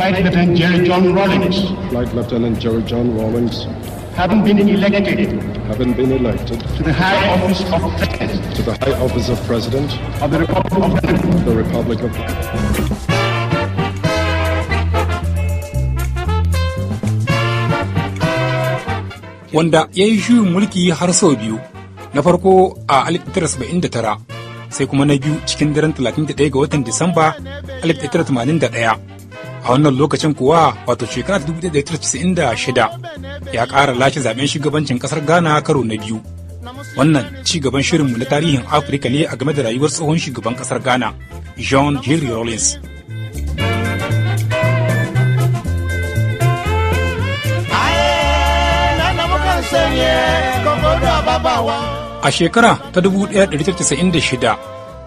Flight Lieutenant Jerry John Rawlings. Flight Lieutenant Jerry John Rawlings. Haven't been elected. Haven't been elected. To the high office of President. To the high office of President. Of the Republic of Ireland. The Republic of wanda ya yi shirin mulki har sau biyu na farko a 1979 sai kuma na biyu cikin daren 31 ga watan disamba 1981 a wannan lokacin kuwa wato shekara 1996 ya kara lashe zaben shugabancin kasar ghana karo na biyu wannan ci gaban shirinmu na tarihin afirka ne a game da rayuwar tsohon shugaban kasar ghana john henry rollins A shekara ta 1996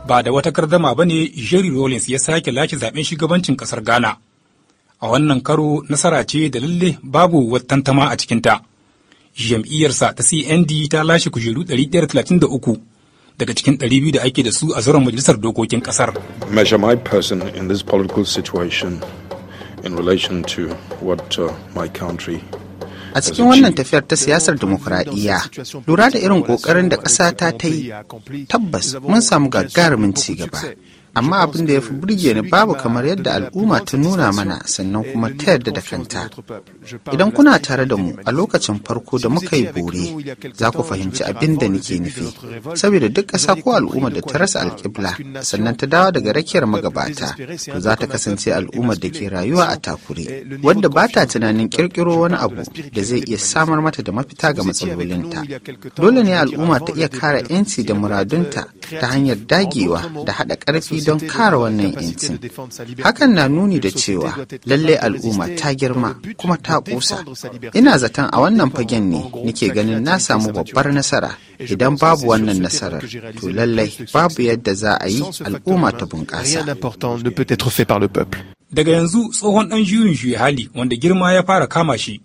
ba da wata kardama ba ne Jerry rollins ya sake lashe zaben shugabancin kasar Ghana a wannan karo nasara ce da lalle babu watantama a cikinta. Jam'iyyarsa ta CND ta lashe kujeru 133 daga cikin 200 da ake da su a zuran majalisar dokokin kasar. Measure my person in this political situation in relation to what uh, my country a cikin wannan tafiyar ta siyasar demokuraɗiyya lura da irin ƙoƙarin da ƙasa ta ta yi tabbas mun samu gagarumin ci gaba amma abin da ya fi burge ni babu kamar yadda al'umma ta nuna mana sannan kuma ta yarda da kanta idan kuna tare da mu a lokacin farko da muka yi bore za ku fahimci abin da nike nufi saboda duk ƙasa ko al'umma da ta rasa alƙibla sannan ta dawo daga rakiyar magabata to za ta kasance al'ummar da ke rayuwa a takure wadda ba ta tunanin ƙirƙiro wani abu da zai iya samar mata da mafita ga matsalolinta dole ne al'umma ta iya kare 'yanci da muradunta ta hanyar dagewa da haɗa ƙarfi don kare wannan yancin. Hakan na nuni da cewa lallai al'umma ta girma kuma ta ƙusa. Ina zaton a wannan fagen ne nake ganin na samu babbar nasara. Idan babu wannan nasarar, to lallai babu yadda za a yi al'umma ta bunƙasa. Daga yanzu tsohon dan juyin juyi hali wanda girma ya fara kama shi,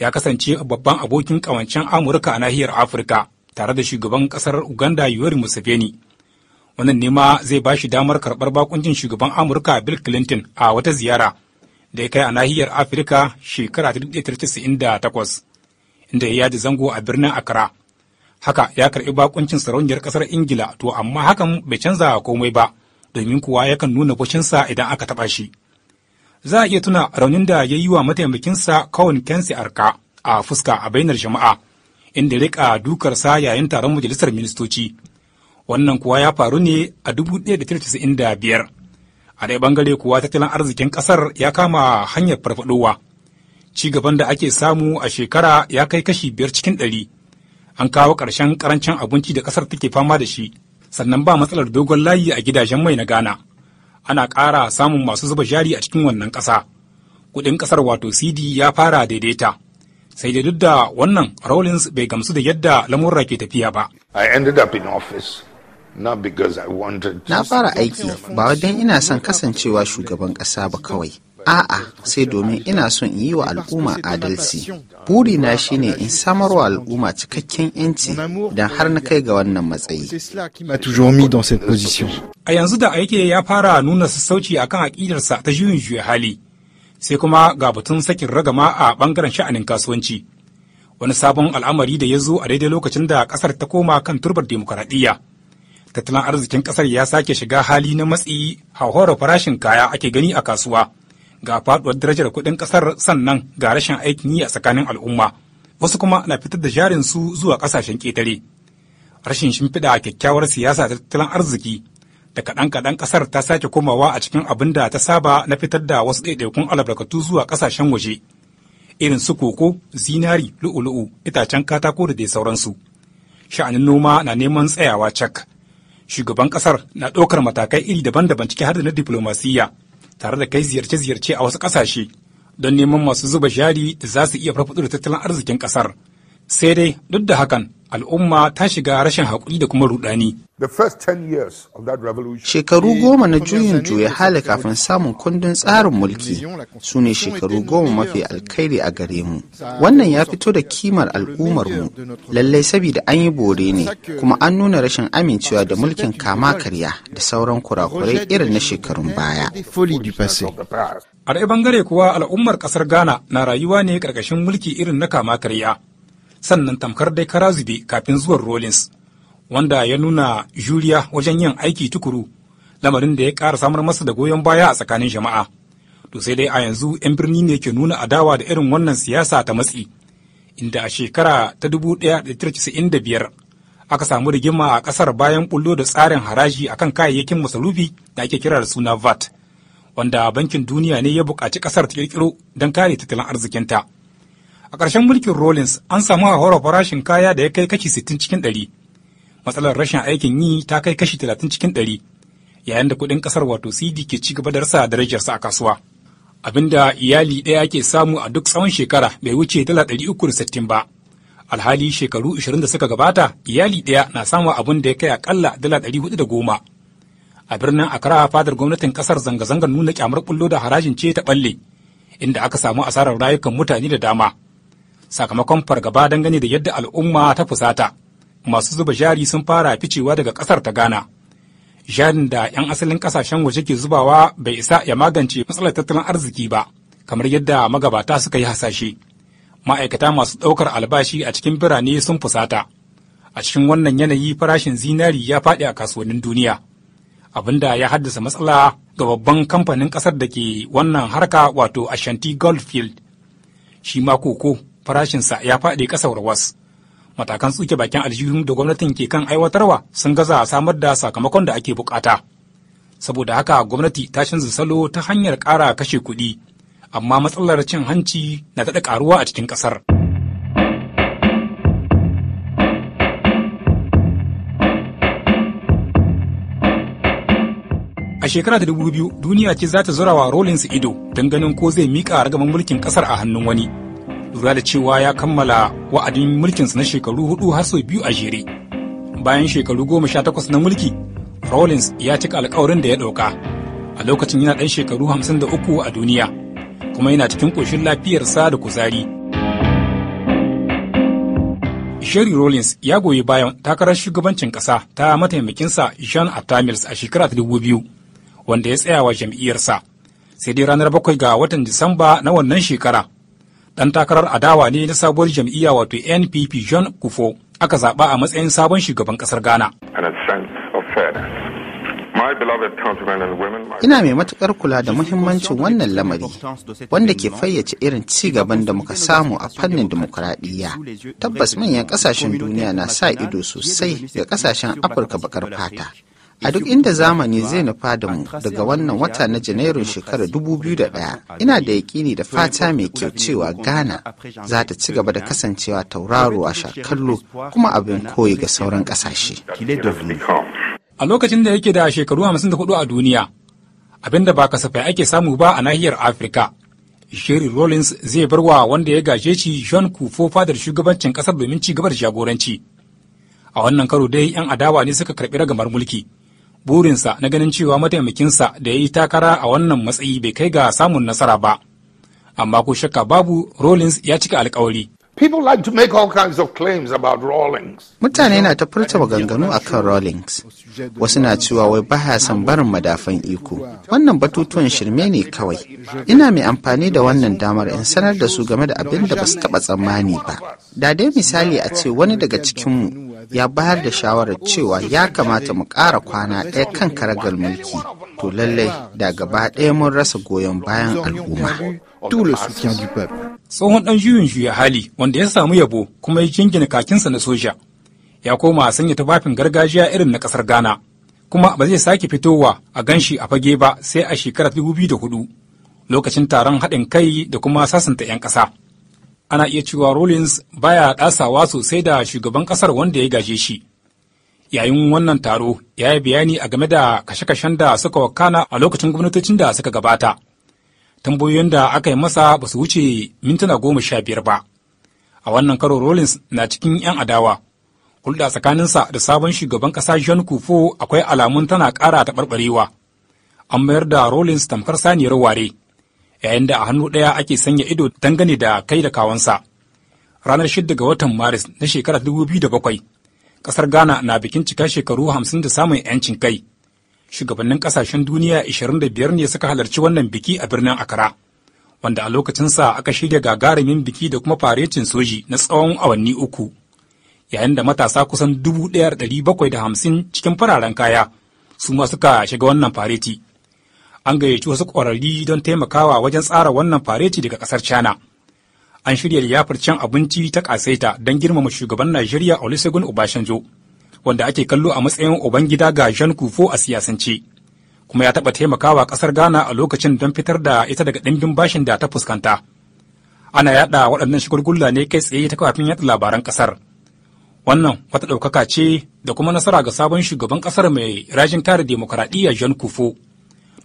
ya kasance babban abokin kawancen Amurka a nahiyar Afirka tare da shugaban ƙasar Uganda Yoweri Museveni. wannan nema zai ba shi damar karɓar bakuncin shugaban amurka bill clinton a wata ziyara da ya kai a nahiyar afirka shekara ta 1998 inda ya yaji zango a birnin accra haka ya karɓi bakuncin sarauniyar ƙasar ingila to amma hakan bai canza komai ba domin kuwa yakan nuna bushinsa idan aka taɓa shi za a iya tuna raunin da ya yi wa mataimakinsa kawun kensi arka a fuska a bainar jama'a inda ya rika dukarsa yayin taron majalisar ministoci wannan kuwa ya faru ne a da biyar a ɗaya bangare kuwa tattalin arzikin ƙasar ya kama hanyar farfaɗowa ci gaban da ake samu a shekara ya kai kashi biyar cikin ɗari an kawo ƙarshen ƙarancin abinci da ƙasar take fama da shi sannan ba matsalar dogon layi a gidajen mai na ghana ana ƙara samun masu zuba jari a cikin wannan ƙasa kuɗin ƙasar wato cd ya fara daidaita sai da duk da wannan rawlins bai gamsu da yadda lamurra ke tafiya ba i ended up in office Na fara aiki ba wajen ina son kasancewa shugaban ƙasa ba kawai. A'a sai domin ina son in yi wa al'umma adalci. Burina shi ne in samar wa al'umma cikakken 'yanci don har na kai ga wannan matsayi. A yanzu da aiki ya fara nuna sassauci akan aƙidarsa ta juyin juya hali, sai kuma ga batun sakin ragama a ɓangaren sha'anin kasuwanci. Wani sabon al'amari da ya zo a daidai lokacin da ƙasar ta koma kan turbar dimokuraɗiyya. tattalin arzikin kasar ya sake shiga hali na matsi hauhawar farashin kaya ake gani a kasuwa ga faduwar darajar kuɗin ƙasar sannan ga rashin aikin yi a tsakanin al'umma wasu kuma na fitar da jarin su zuwa ƙasashen ƙetare rashin shimfiɗa kyakkyawar siyasa ta tattalin arziki da kaɗan kaɗan ƙasar ta sake komawa a cikin abin da ta saba na fitar da wasu ɗaiɗaikun albarkatu zuwa ƙasashen waje irin su koko zinari lu'u-lu'u itacen katako da dai sauransu sha'anin noma na neman tsayawa cak shugaban kasar na ɗaukar matakai iri daban-daban ciki har da na diplomasiyya tare da kai ziyarce-ziyarce a wasu ƙasashe don neman masu zuba jari da za su iya farfaɗo da tattalin arzikin ƙasar. Sai dai duk da hakan al'umma ta shiga rashin haƙuri da kuma rudani. Shekaru goma na juyin juya hali kafin samun kundin tsarin mulki su ne shekaru goma mafi alkhairi a gare mu. Wannan ya fito da kimar mu, lallai saboda an yi bore ne, kuma an nuna rashin amincewa da mulkin kama karya da sauran kurakurai irin na shekarun baya. A bangare kuwa al'ummar ƙasar Ghana na rayuwa ne ƙarƙashin mulki irin na kama karya. sannan tamkar dai kara zube kafin zuwan rollins wanda ya nuna juriya wajen yin aiki tukuru lamarin da ya ƙara samar masa da goyon baya a tsakanin jama'a to sai dai a yanzu 'yan birni ne ke nuna adawa da irin wannan siyasa ta matsi inda a shekara ta 1995 aka samu rigima a ƙasar bayan ƙullo da tsarin haraji akan kayayyakin masarufi da ake kira da suna VAT, wanda bankin duniya ne ya buƙaci ƙasar ta ƙirƙiro don kare tattalin arzikinta. A ƙarshen mulkin Rollins an samu hauhawar farashin kaya da ya kai kashi sittin cikin 100. Matsalar rashin aikin yi ta kai kashi talatin cikin 100 yayin da kuɗin ƙasar wato CD ke ci gaba da rasa darajarsa a kasuwa. Abinda iyali ɗaya ke samu a duk tsawon shekara bai wuce dala uku da sittin ba. Alhali shekaru 20 da suka gabata iyali ɗaya na samun abin da ya kai akalla dala da goma. A birnin akara fadar gwamnatin ƙasar zanga-zangar nuna kyamar ƙullo da harajin ce ta ɓalle, inda aka samu asarar rayukan mutane da dama. sakamakon fargaba dangane da yadda al'umma ta fusata masu zuba jari sun fara ficewa daga kasar ta gana jarin da 'yan asalin kasashen waje ke zubawa bai isa ya magance matsalar tattalin arziki ba kamar yadda magabata suka yi hasashe ma'aikata masu ɗaukar albashi a cikin birane sun fusata a cikin wannan yanayi farashin zinari ya faɗi a kasuwannin duniya abinda ya haddasa matsala ga babban kamfanin ƙasar da ke wannan harka wato ashanti goldfield shi ma koko farashinsa ya faɗi ƙasa warwas. Matakan tsuke bakin aljihun da gwamnatin ke kan aiwatarwa sun gaza samar da sakamakon da ake bukata. Saboda haka gwamnati ta canza salo ta hanyar ƙara kashe kuɗi, amma matsalar cin hanci na daɗa ƙaruwa a cikin ƙasar. a shekara ta biyu duniya ce za ta zura wa Rollins ido don ganin ko zai miƙa ragaman mulkin ƙasar a hannun wani. lura da cewa ya kammala wa'adin mulkinsa na shekaru hudu har sau biyu a jere bayan shekaru goma sha takwas na mulki rawlins ya cika alkawarin da ya ɗauka a lokacin yana ɗan shekaru hamsin da uku a duniya kuma yana cikin koshin lafiyarsa da kuzari Sherry Rawlings ya goyi bayan takarar shugabancin kasa ta mataimakinsa Jean Atamils a shekara ta dubu biyu wanda ya tsaya wa jam'iyyarsa sai dai ranar bakwai ga watan Disamba na wannan shekara dan takarar adawa ne na sabuwar jam'iyya wato npp john kufo aka zaɓa a matsayin sabon shugaban ƙasar ghana Ina mai matukar kula da muhimmancin wannan lamari wanda ke fayyace irin ci gaban da muka samu a fannin demokuraɗiyya. Tabbas manyan ƙasashen duniya na sa ido sosai ga ƙasashen Afirka bakar fata. a duk inda zamani zai nufa da mu daga wannan wata na janairun shekarar 2001 ina da yaƙini da fata mai kyau cewa ghana za ta ci gaba da kasancewa tauraro a shakallo kuma abin koyi ga sauran ƙasashe a lokacin da yake da shekaru 54 a duniya abin da ba kasafai ake samu ba a nahiyar afirka Sherry Rollins zai bar wa wanda ya gaje shi John Kufo fadar shugabancin kasar domin ci gaba da jagoranci. A wannan karo dai 'yan adawa ne suka karɓi ragamar mulki. burinsa na ganin cewa mataimakinsa da ya yi takara a wannan matsayi bai kai ga samun nasara ba amma ko shakka babu Rawlings ya cika alkawari Mutane na ta furta maganganu a kan Rawlings. Wasu na cewa wai baya son barin madafan iko. Wannan batutuwan shirme ne kawai. Ina mai amfani da wannan damar in sanar da su game da abin da ba su taɓa tsammani ba. Da dai misali a ce wani daga cikinmu ya bayar da shawarar cewa ya kamata mu ƙara kwana ɗaya kan karagar mulki to lallai da gaba ɗaya mun rasa goyon bayan al'umma. Tsohon ɗan juyin juya hali wanda ya samu yabo kuma ya jingina kakinsa na soja ya koma sanya tufafin gargajiya irin na ƙasar Ghana kuma ba zai sake fitowa a ganshi a fage ba sai a shekarar 2004 lokacin taron haɗin kai da kuma sasanta 'yan ƙasa. ana iya cewa Rawlings baya ɗasawa sosai da shugaban ƙasar wanda ya gaje shi. Yayin wannan taro ya yi bayani a game da kashe-kashen da suka wakana a lokacin gwamnatocin da suka gabata. Tambayoyin da aka yi masa ba su wuce mintuna goma sha biyar ba. A wannan karo Rawlings na cikin 'yan adawa. Hulɗa tsakaninsa da sabon shugaban ƙasa John Kufo akwai alamun tana ƙara taɓarɓarewa. An mayar da Rawlings tamkar saniyar ware. yayin da a hannu ɗaya ake sanya ido dangane da kai da kawansa. Ranar 6 ga watan Maris na shekarar 2007, ƙasar Ghana na bikin cika shekaru 50 da samun 'yancin kai. Shugabannin ƙasashen duniya biyar ne suka halarci wannan biki a birnin akara wanda a lokacinsa aka shirya gagarumin biki da kuma faretin soji na tsawon awanni uku. Yayin da matasa kusan da hamsin cikin fararen kaya su ma suka shiga wannan fareti. an gayyaci wasu ƙwararri don taimakawa wajen tsara wannan fareti daga ƙasar China. An shirya liyafar cin abinci ta ƙasaita don girmama shugaban Najeriya Olusegun Obasanjo, wanda ake kallo a matsayin Ubangida ga Jean Kufo a siyasance, kuma ya taɓa taimakawa ƙasar Ghana a lokacin don fitar da ita daga ɗimbin bashin da ta fuskanta. Ana yaɗa waɗannan shagulgulla ne kai tsaye ta kafin yaɗa labaran ƙasar. Wannan wata ɗaukaka ce da kuma nasara ga sabon shugaban ƙasar mai rajin kare demokuraɗiyya Jean Kufo.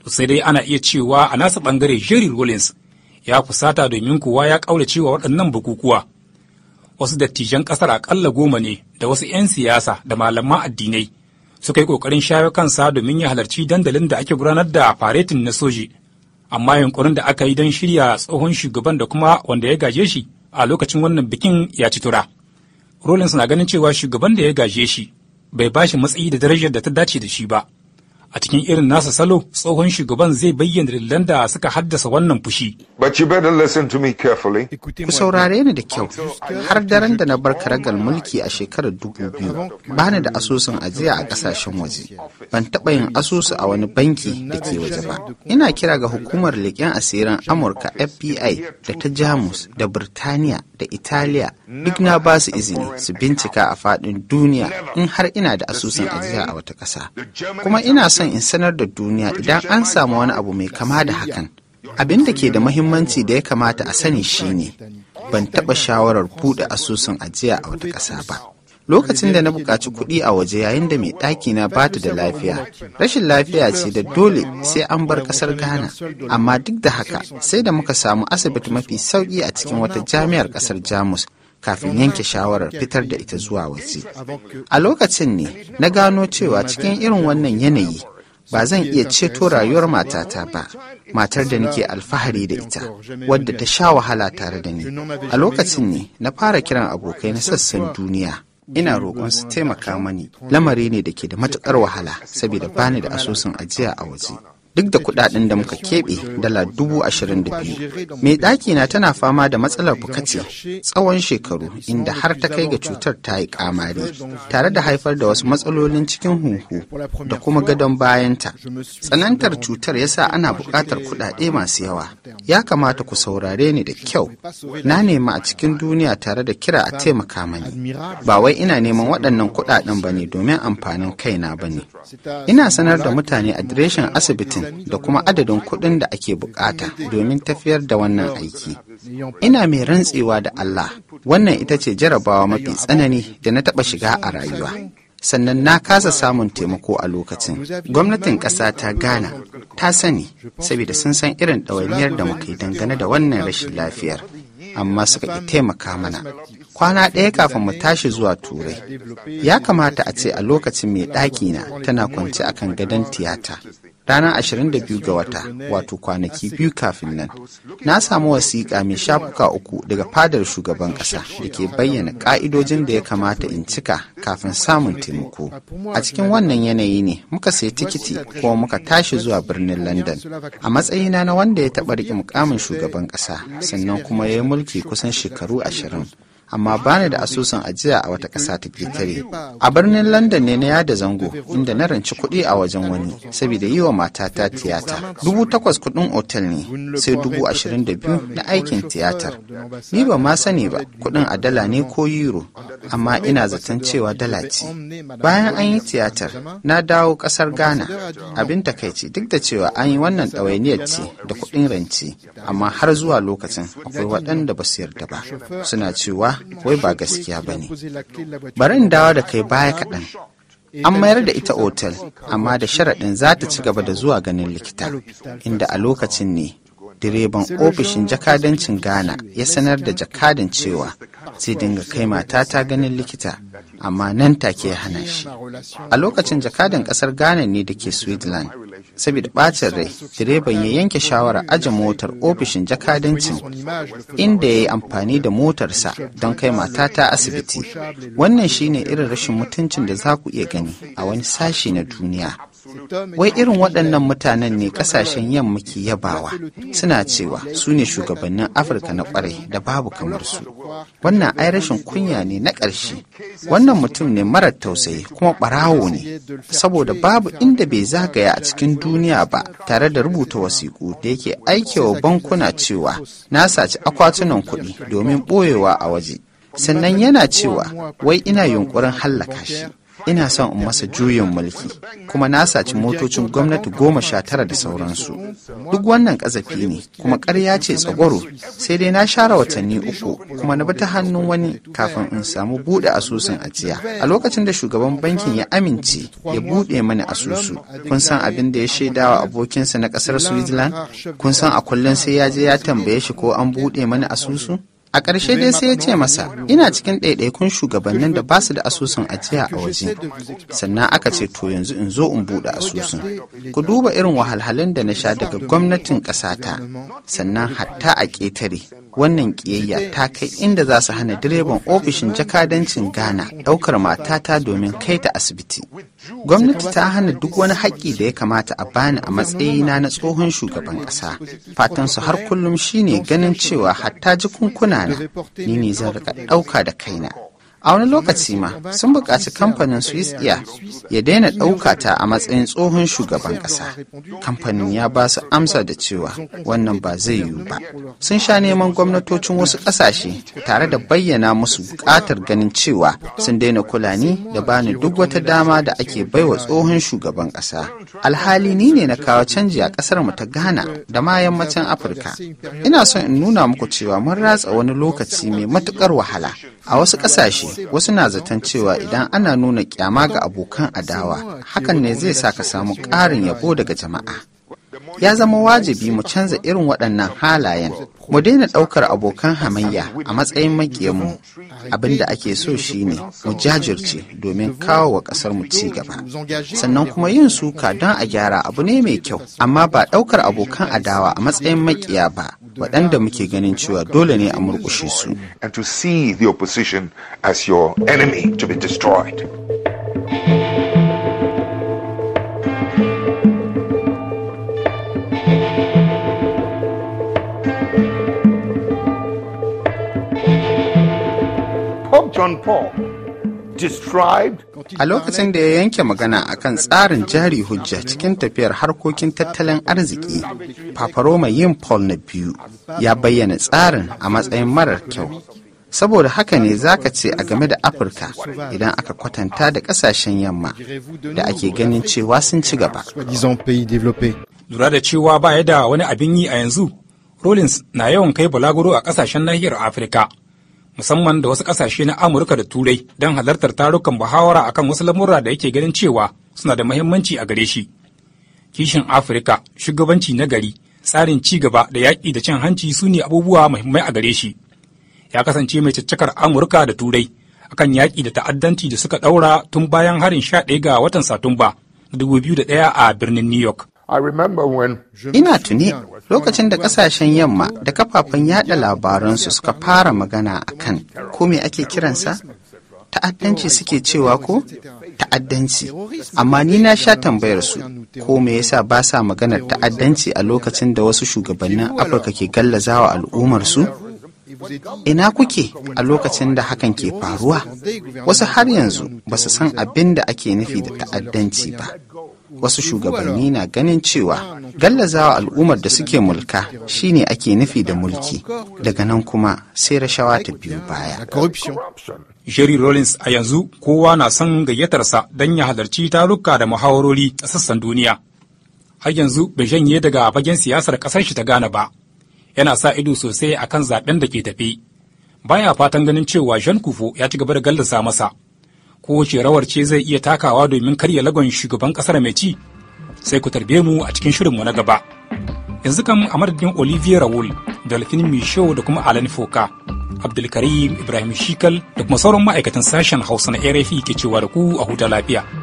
sai dai ana iya cewa a nasa bangare jerry rollins ya fusata domin kuwa ya kaura cewa waɗannan bukukuwa wasu dattijan ƙasar aƙalla goma ne da wasu 'yan siyasa da malaman addinai suka yi ƙoƙarin shayo kansa domin ya halarci dandalin da ake gudanar da faretin na soji amma yunkurin da aka yi don shirya tsohon shugaban da kuma wanda ya gaje shi a lokacin wannan bikin ya ci tura rollins na ganin cewa shugaban da ya gaje shi bai ba shi matsayi da darajar da ta dace da shi ba A cikin irin nasa salo, tsohon shugaban zai bayyana dalilan da suka haddasa wannan fushi. Ku saurare ni da kyau, har daren da na bar karagar mulki a shekarar dubu biyu, ba ni da asusun ajiya a kasashen waje. Ban taɓa yin asusu a wani banki da ke waje ba. Ina kira ga hukumar leƙen asirin Amurka FBI da ta Jamus da Birtaniya da Italiya duk na ba su izini su bincika a faɗin duniya in har ina da asusun ajiya a wata ƙasa. Kuma ina son Zan in sanar da duniya idan an samu wani abu mai kama da hakan abin da ke da mahimmanci da ya kamata a sani shi ne, ban taba shawarar buɗe asusun ajiya a wata ƙasa ba lokacin da na buƙaci kuɗi a waje yayin da mai ɗaki na ba da lafiya rashin lafiya ce da dole sai an bar ƙasar ghana amma duk da haka sai da muka samu asibiti mafi sauƙi a cikin wata jami'ar ƙasar jamus kafin yanke shawarar fitar da ita zuwa waje a lokacin ne na gano cewa cikin irin wannan yanayi ba zan iya ceto rayuwar matata ba matar da nake alfahari da ita wadda ta sha wahala tare da ni a lokacin ne na fara kiran abokai na sassan duniya ina roƙon su taimaka mani lamari ne da ke da matuƙar wahala saboda bani da asusun ajiya a waje duk da kudaden da muka keɓe dala dubu ashirin da biyu. Mai ɗaki na tana fama da matsalar bukaci tsawon shekaru inda har ta kai ga cutar ta yi kamari tare da haifar da wasu matsalolin cikin huhu da kuma gadon bayanta. Tsanantar cutar yasa ana buƙatar kuɗaɗe masu yawa. Ya kamata ku saurare ni da kyau. Na nema a cikin duniya tare da kira a taimaka mani. Ba wai ina neman waɗannan kuɗaɗen ba ne domin amfanin kaina ba ne. Ina sanar da mutane adireshin asibitin da kuma adadin kuɗin da ake bukata domin tafiyar da wannan aiki. Ina mai rantsewa da Allah, wannan ita ce jarabawa mafi tsanani da na taɓa shiga a rayuwa. sannan na kasa samun taimako a lokacin gwamnatin ƙasa ta gana, ta sani saboda sun san irin ɗawainiyar da muka yi dangane da wannan rashin lafiyar amma suka ƙi taimaka mana kwana ɗaya kafin mu tashi zuwa turai ya kamata a ce a lokacin mai ɗakina tana kwance akan gadon tiyata ranar 22 ga wata wato kwanaki biyu kafin nan na samu wasiƙa mai shafuka uku daga fadar shugaban ƙasa da ke bayyana ƙa'idojin da ya kamata in cika kafin samun taimako a cikin wannan yanayi ne muka sayi tikiti kuma muka tashi zuwa birnin london a matsayina na wanda ya taɓa riƙe mukamin shugaban ƙasa sannan kuma ya yi mulki kusan shekaru ashirin amma ba ni da asusun ajiya a wata ƙasa ta ƙetare a birnin london ne na yada zango inda na ranci kuɗi a wajen wani saboda yi wa matata tiyata dubu takwas kuɗin otal ne sai dubu ashirin da biyu na aikin tiyatar ni ba ma sani ba kuɗin a dala ne ko euro amma ina zaton cewa dala ce bayan an yi tiyatar na dawo ƙasar ghana abin takaici duk da cewa an yi wannan ɗawainiyar ce da kuɗin rance amma har zuwa lokacin akwai waɗanda ba su yarda ba suna cewa wai ba gaskiya ba ne. Bari in dawo da kai baya kaɗan. An mayar da ita otal, amma da sharaɗin za ta ci gaba da zuwa ganin likita, inda a lokacin ne direban ofishin jakadancin Ghana ya sanar da jakadan cewa Sai dinga kai matata ganin likita amma nan take ya hana shi a lokacin jakadan kasar ghana ne da ke switzerland saboda bacin rai direban ya yanke shawarar aje motar ofishin jakadancin inda ya yi amfani da motarsa don kai matata asibiti wannan shine irin rashin mutuncin da za ku iya gani a wani sashi na duniya Wai irin waɗannan mutanen ne ƙasashen yamma ke yabawa suna cewa su ne shugabannin Afirka na ƙwarai da babu kamar su. Wannan ai rashin kunya ne na ƙarshe. Wannan mutum ne marar tausayi kuma ɓarawo ne, saboda babu inda bai zagaya a cikin duniya ba tare da rubuta wasiƙu da yake aikewa bankuna cewa na saci akwatunan kuɗi domin ɓoyewa a waje. Sannan yana cewa wai ina yunƙurin hallaka shi. ina son in masa juyin mulki kuma na saci motocin gwamnati goma sha tara da sauransu duk wannan ƙazafi ne kuma karya ce tsagwaro sai dai na share watanni uku kuma na bi ta hannun wani kafin in samu buɗe asusun ajiya a lokacin da shugaban bankin ya amince ya buɗe mani asusu kun san abin da ya shaida shaidawa abokinsa na ƙasar switzerland kun san a kullum sai ya je ya tambaye shi ko an buɗe mani asusu A ƙarshe dai sai ya ce masa, ina cikin ɗaiɗaikun shugabannin da basu da asusun ajiya a waje. Sannan aka ce to yanzu in zo in buɗe asusun. Ku duba irin wahalhalun da na sha daga gwamnatin ƙasata, sannan hatta a ƙetare. wannan ƙiyayya ta kai inda za su hana direban ofishin jakadancin ghana ɗaukar matata domin kai ta asibiti gwamnati ta hana duk wani haƙƙi da ya kamata a bani a matsayina na tsohon shugaban ƙasa fatan su har kullum shine ganin cewa hatta jikunkuna na ni ne zan rika ɗauka da kaina a wani lokaci ma sun buƙaci kamfanin swiss air ya daina ɗauka ta a matsayin tsohon shugaban ƙasa kamfanin ya ba su amsa da cewa wannan ba zai yiwu ba sun sha neman gwamnatocin wasu ƙasashe tare da bayyana musu buƙatar ganin cewa sun daina kulani ni da bani duk wata dama da ake baiwa tsohon shugaban ƙasa alhali ni ne na kawo canji a ƙasar mu ta ghana da ma yammacin afirka ina son in nuna muku cewa mun ratsa wani lokaci mai matuƙar wahala a wasu ƙasashe wasu na zaton cewa idan ana nuna kyama ga abokan adawa hakan ne zai sa ka samu ƙarin yabo daga jama'a ya zama wajibi mu canza irin waɗannan halayen mu daina ɗaukar abokan hamayya a matsayin makiyanmu abin da ake so shine mu jajirce domin kawo wa ƙasar mu ci gaba sannan kuma yin suka don a gyara abu ne mai kyau amma ba ɗaukar abokan adawa a matsayin maƙiya ba waɗanda muke ganin cewa dole ne a murƙushe su John Paul A lokacin da ya yanke magana akan tsarin jari hujja cikin tafiyar harkokin tattalin arziki, Paparoma yin Paul na biyu ya bayyana tsarin a matsayin marar kyau. Saboda haka ne za ka ce a game da Afirka idan aka kwatanta da kasashen yamma da ake ganin cewa sun ci gaba. Lura da cewa ba da wani abin yi a yanzu, Rollins na yawan kai bulaguro a kasashen nahiyar Afirka. musamman da wasu kasashe na Amurka da Turai don halartar tarukan muhawara akan wasu lamurra da yake ganin cewa suna da muhimmanci a gare shi. Kishin Afirka, shugabanci na gari, tsarin ci gaba da yaƙi da cin hanci su ne abubuwa muhimmai a gare shi. Ya kasance mai caccakar Amurka da Turai akan yaƙi da ta'addanci da suka ɗaura tun bayan harin sha ɗaya ga watan Satumba 2001 a birnin New York. Ina tuni lokacin da kasashen yamma da kafafen yada labaransu suka fara magana a kan ko me ake kiransa? Ta'addanci suke cewa ko? Ta'addanci. Amma ni na sha tambayar su ko me yasa ba sa maganar ta'addanci a lokacin da wasu shugabannin Afirka ke gallazawa al'ummarsu? Ina kuke a lokacin da hakan ke faruwa? Wasu har yanzu ba su san abin da ake nufi da ta'addanci ba. wasu shugabanni na ganin cewa gallazawa al'ummar da suke mulka shine ake nufi da mulki daga nan kuma sai rashawa ta biyu baya. Jerry Rollins a yanzu kowa na son gayyatarsa don ya halarci taruka da muhawarori a sassan duniya. Har yanzu bai janye daga fagen siyasar kasar shi ta Ghana ba. Yana sa ido sosai akan zaben da ke tafe. Baya fatan ganin cewa Jean Kufo ya ci gaba da gallasa masa. ko rawar ce zai iya takawa domin karya lagon shugaban kasar mai ci sai ku tarbe mu a cikin shirinmu na gaba yanzu kan a madadin olivier raul dolphin misho da kuma alan foka abdulkarim ibrahim shikal da kuma sauran ma'aikatan sashen hausa na rfi ke cewa da ku a huta lafiya